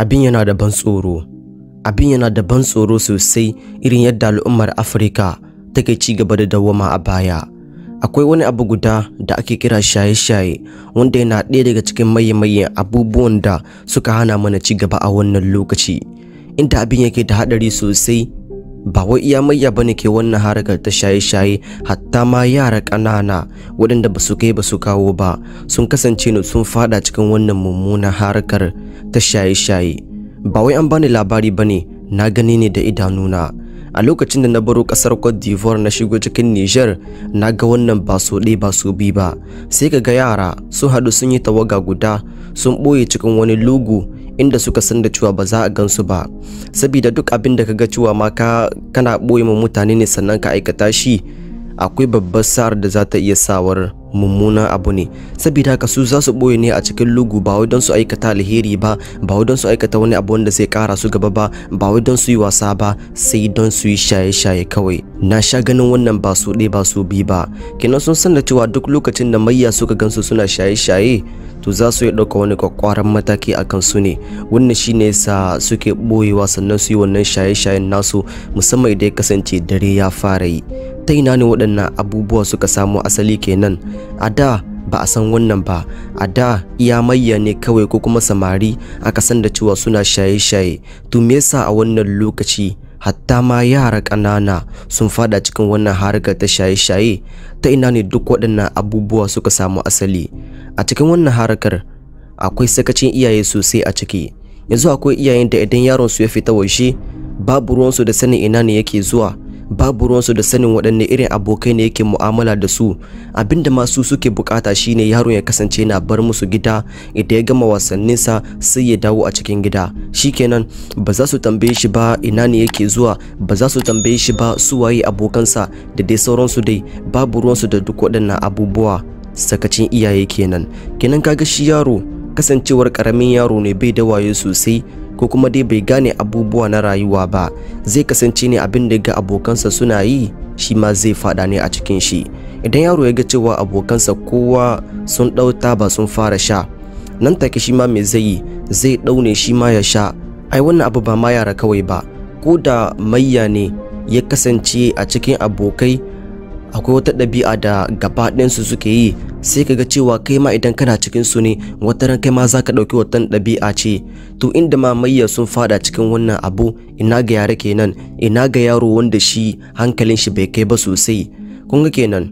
abin yana da ban tsoro abin yana da ban tsoro sosai irin yadda al'ummar afirka take ci gaba da dawwama a baya akwai wani abu guda da ake kira shaye-shaye wanda yana ɗaya daga cikin maye-mayen abubuwan da suka hana mana ci gaba a wannan lokaci inda abin yake da haɗari sosai ba wai iya mayya bane ke wannan harakar ta shaye-shaye hatta ma yara ƙanana waɗanda ba su kai ba su kawo ba sun kasance ne sun fada cikin wannan mummunan harakar ta shaye-shaye ba wai an bani labari bane na gani ne da idanuna a lokacin da na baro kasar Cote d'Ivoire na shigo cikin Niger na ga wannan ba so ɗaya ba so bi ba sai ka ga yara su haɗu sun yi tawaga guda sun ɓoye cikin wani lugu inda suka san da cewa ba za a gansu ba saboda duk abin da ka ga cewa ma ka kana ɓoye wa mutane ne sannan ka aikata shi akwai babbar sa'ar da za ta iya sawar mummunan abu ne saboda haka su za su boye ne a cikin lugu ba wai don su aikata alheri ba ba wai don su aikata wani abu wanda zai kara su gaba ba ba wai don su yi wasa ba sai don su yi shaye-shaye kawai na sha ganin wannan ba su ɗaya ba su bi ba kenan sun san da cewa duk lokacin da mayya suka gansu suna shaye-shaye to za su yi ɗauka wani kwakwaran mataki a su ne wannan shine sa suke boyewa sannan su yi wannan shaye-shayen nasu musamman idan ya kasance dare ya fara yi ta ina ne waɗannan abubuwa suka samo asali kenan a da ba a san wannan ba a da iya mayya ne kawai ko kuma samari aka san da cewa suna shaye-shaye to me yasa a wannan lokaci hatta ma yara ƙanana sun fada cikin wannan harkar ta shaye-shaye ta ina ne duk waɗannan abubuwa suka samu asali a cikin wannan harkar akwai sakacin iyaye sosai a ciki yanzu akwai iyayen da idan yaron su ya fita waje babu ruwansu da sanin ina ne yake zuwa babu ruwansu da sanin waɗanne irin abokai ne yake mu'amala da su abinda masu suke bukata shine yaron ya kasance na bar musu gida idan ya gama wasannin sa sai ya dawo a cikin gida shikenan ba za su tambaye shi ba ina ne yake zuwa ba za su tambaye shi ba su waye abokansa da dai sauransu dai babu ruwansu da duk waɗannan abubuwa sakacin iyaye kenan kenan kaga shi yaro kasancewar karamin yaro ne bai da waye sosai ko kuma dai bai gane abubuwa na rayuwa ba zai kasance ne abin da ga abokansa suna yi shi ma zai fada ne a cikin shi idan yaro ya ga cewa abokansa kowa sun ɗauta taba sun fara sha nan take shi ma me zai yi zai ɗaune shi ma ya sha ai wannan abu ba ma yara kawai ba ko da mayya ne ya kasance a cikin abokai akwai wata ɗabi'a da gaba ɗinsu suke yi sai kaga cewa kai ma idan kana cikin su ne wata kai ma zaka dauki watan dabi'a ce to inda mamayya sun fada cikin wannan abu ina ga yare kenan ina ga yaro wanda shi hankalin shi bai kai ba sosai kun ga kenan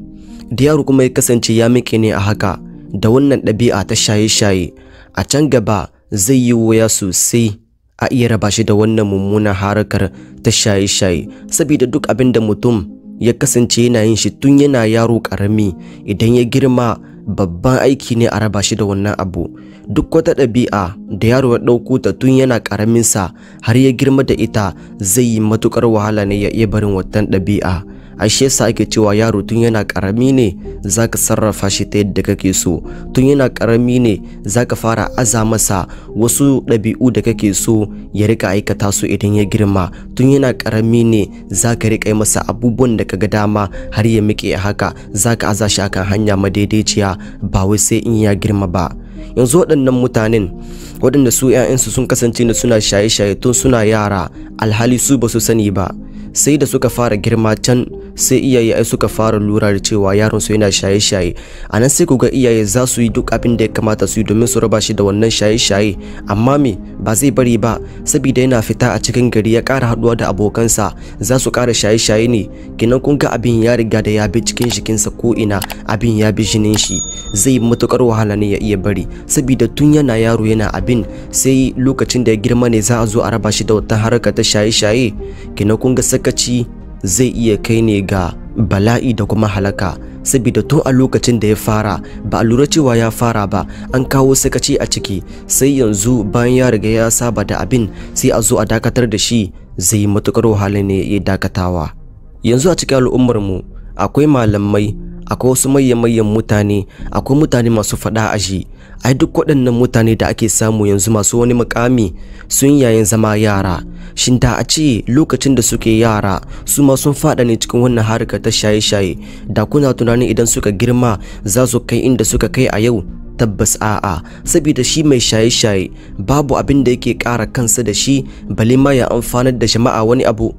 da yaro kuma ya kasance ya mike ne a haka da wannan dabi'a ta shaye-shaye a can gaba zai yi waya sosai a iya raba shi da wannan mummunan harakar ta shaye-shaye saboda duk abin da mutum ya kasance yana yin shi tun yana yaro ƙarami idan ya girma babban aiki ne a raba shi da wannan abu duk wata ɗabi'a da yaro ya ɗauko ta tun yana sa har ya girma da ita zai yi matuƙar wahala ne ya iya barin wannan ɗabi'a ashe yasa ake cewa yaro tun yana karami ne zaka sarrafa shi ta yadda kake so tun yana karami ne zaka fara aza masa wasu ɗabi'u da kake so ya rika aikata su idan ya girma tun yana karami ne zaka rika masa abubuwan da kaga dama har ya miƙe haka zaka aza shi akan hanya madaidaiciya ba wai sai in ya girma ba yanzu waɗannan mutanen waɗanda su 'ya'yansu sun kasance da suna shaye-shaye tun suna yara alhali su ba su sani ba sai da suka fara girma can sai iyaye ai suka fara lura da cewa yaron su yana shaye-shaye anan sai ku ga iyaye za su yi duk abin da ya kamata su yi domin su raba shi da wannan shaye-shaye amma me ba zai bari ba saboda yana fita a cikin gari ya ƙara haɗuwa da abokansa za su ƙara shaye-shaye ne kinan kun ga abin ya riga da ya bi cikin jikinsa ko ina abin ya bi jinin shi zai yi matukar wahala ne ya iya bari saboda tun yana yaro yana abin sai lokacin da ya girma ne za a zo a raba shi da wata harka ta shaye-shaye kinan kun ga sakaci zai iya kai ne ga bala'i da kuma halaka saboda tun a lokacin da ya fara ba a lura cewa ya fara ba an kawo sakaci a ciki sai yanzu bayan ya riga ya saba da abin sai a zo a dakatar da shi zai matukar wahala ne ya dakatawa yanzu a cikin al'ummar mu akwai malamai akwai wasu mayyan-mayyan mutane akwai mutane masu faɗa aji ai duk waɗannan mutane da ake samu yanzu masu wani mukami sun yayin zama yara shin da a ce lokacin da suke yara su ma sun faɗa ne cikin wannan harkar ta shaye-shaye da kuna tunanin idan suka girma za su kai inda suka kai a yau tabbas a'a saboda shi mai shaye-shaye babu abin da yake kara kansa da shi bale ma ya amfanar da jama'a wani abu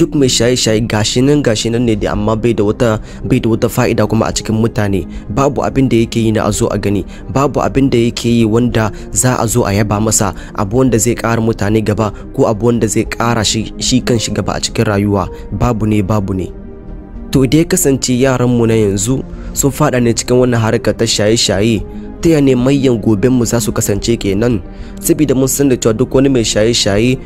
duk mai shaye-shaye gashi nan gashi nan ne da amma bai da wata bai da wata fa'ida kuma a cikin mutane babu abin da yake yi na a zo a gani babu abin da yake yi wanda za a zo a yaba masa abu wanda zai ƙara mutane gaba ko abu wanda zai kara shi shi kanshi gaba a cikin rayuwa babu ne babu ne to dai kasance yaranmu na yanzu sun fada ne cikin wannan harkar ta shaye-shaye ta ya ne goben mu za su kasance kenan saboda mun san da cewa duk wani mai shaye-shaye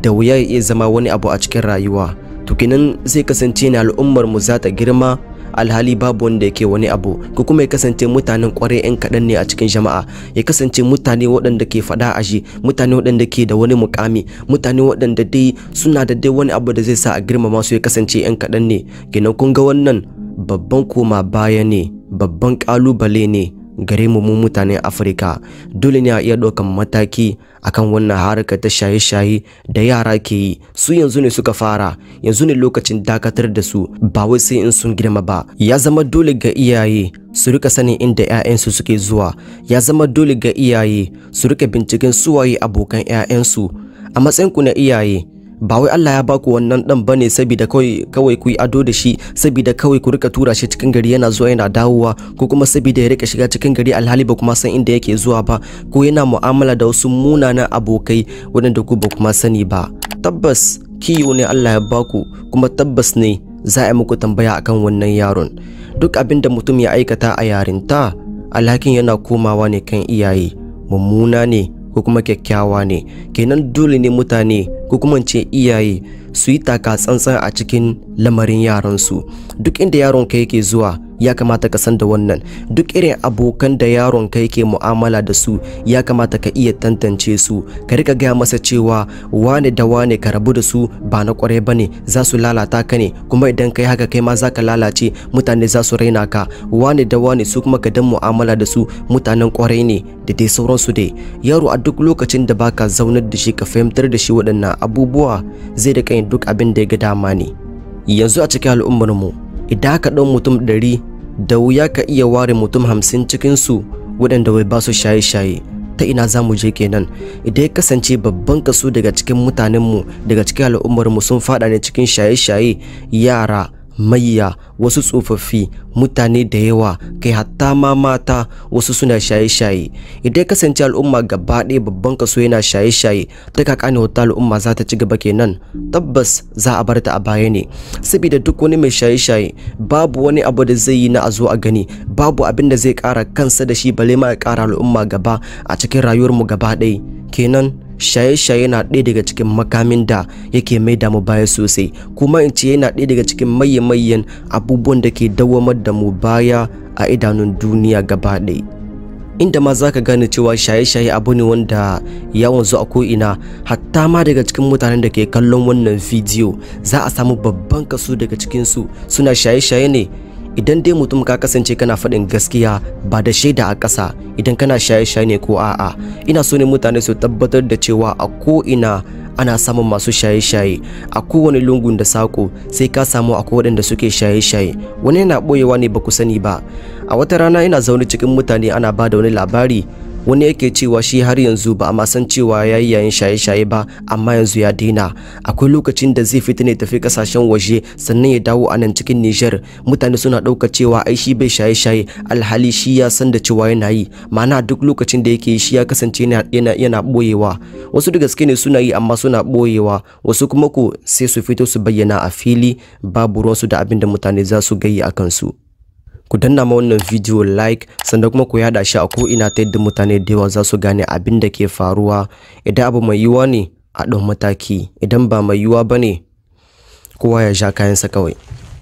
da wuya ya zama wani abu a cikin rayuwa to kenan zai kasance ne al'ummar mu za ta girma alhali babu wanda yake wani abu ko kuma ya kasance mutanen kwarai yan kadan ne a cikin jama'a ya kasance mutane waɗanda ke fada a shi mutane waɗanda ke da wani mukami mutane waɗanda dai suna da dai wani abu da zai sa a girmama su ya kasance yan kaɗan ne kenan kun ga wannan babban koma baya ne babban kalubale ne gare mu mu mutanen afirka dole ne a iya ɗaukan mataki akan wannan harkar ta shaye-shaye da yara ke yi su yanzu ne suka fara yanzu ne lokacin dakatar da su ba wai sai in sun girma ba ya zama dole ga iyaye su rika sanin inda 'ya'yansu suke zuwa ya zama dole ga iyaye su rika binciken suwaye abokan 'ya'yansu a matsayin ku na iyaye ba wai Allah ya baku wannan dan bane saboda kawai kawai ku yi ado da shi saboda kawai ku rika tura shi cikin gari yana zuwa yana dawowa ko kuma saboda ya rika shiga cikin gari alhali ba kuma san inda yake zuwa ba ko yana mu'amala da wasu munanan abokai waɗanda ku ba kuma sani ba tabbas kiyo ne Allah ya baku kuma tabbas ne za a muku tambaya akan wannan yaron duk abin da mutum ya aikata a yarinta alhakin yana komawa ne kan iyaye mummuna ne ko kuma kyakkyawa ne kenan dole ne mutane ko kuma ce iyaye su yi taka tsantsan a cikin lamarin su duk inda yaron ka yake zuwa ya kamata ka san da wannan duk irin abokan da yaron ka yake mu'amala da su ya kamata ka iya tantance su ka rika gaya masa cewa wane da wane ka rabu da su ba na kwarai bane za su lalata ka ne kuma idan kai haka kai ma za ka lalace mutane za su raina ka wane da wane su kuma ka dan mu'amala da su mutanen kwarai ne da dai sauransu dai yaro a duk lokacin da baka zaunar da shi ka fahimtar da shi waɗannan abubuwa zai da yin duk abin da ya ga dama ne yanzu a cikin al'ummar mu. idan ka ɗan mutum ɗari da wuya ka iya ware mutum hamsin cikin su waɗanda bai ba su shaye-shaye ta ina za mu je kenan idan ya kasance babban kaso daga cikin mutanenmu daga cikin al'ummarmu sun fada ne cikin shaye-shaye yara mayya wasu tsofaffi mutane da yawa kai hatta ma mata wasu suna shaye-shaye idan kasance al'umma gaba ɗaya babban kaso yana shaye-shaye ta kaka kane wata al'umma za ta ci gaba kenan tabbas za a bar ta a baya ne saboda duk wani mai shaye-shaye babu wani abu da zai yi na a zo a gani babu abin da zai kara kansa da shi bale ma ya ƙara al'umma gaba a cikin rayuwar mu gaba ɗaya kenan shaye-shaye na ɗaya daga cikin makamin da yake mai damu baya sosai kuma in ce yana ɗaya daga cikin maye abubuwan da ke dawwamar da mu baya a idanun duniya gaba ɗaya inda ma za ka gane cewa shaye-shaye abu ne wanda ya wanzu a ko'ina hatta ma daga cikin mutanen da ke kallon wannan bidiyo za a samu babban kaso daga cikinsu suna shaye-shaye ne idan dai mutum ka kasance kana faɗin gaskiya ba da shaida a ƙasa idan kana shaye-shaye ne ko a'a ina so ne mutane su tabbatar da cewa a ko ina ana samun masu shaye-shaye a kowane lungun da sako sai ka samu akwai waɗanda suke shaye-shaye wani yana ɓoyewa ne ba ku sani ba a wata rana ina zaune cikin mutane ana bada wani labari wani yake cewa shi har yanzu ba a san cewa ya yi yayin shaye-shaye ba amma yanzu ya daina akwai lokacin da zai fita ne tafi kasashen waje sannan ya dawo a nan cikin Niger mutane suna ɗauka cewa ai shi bai shaye-shaye alhali shi ya san da cewa yana yi ma'ana duk lokacin da yake shi ya kasance yana yana boyewa wasu da gaske ne suna yi amma suna boyewa wasu kuma ko sai su fito su bayyana a fili babu su da abin da mutane za su gayi a kansu ku danna ma wannan video like sannan kuma ku yada shi a ko ina ta yadda mutane da yawa za su gane abin da ke faruwa idan abu mai yiwa ne a ɗan mataki idan ba mai yiwa ba ne kowa ya sha kayansa kawai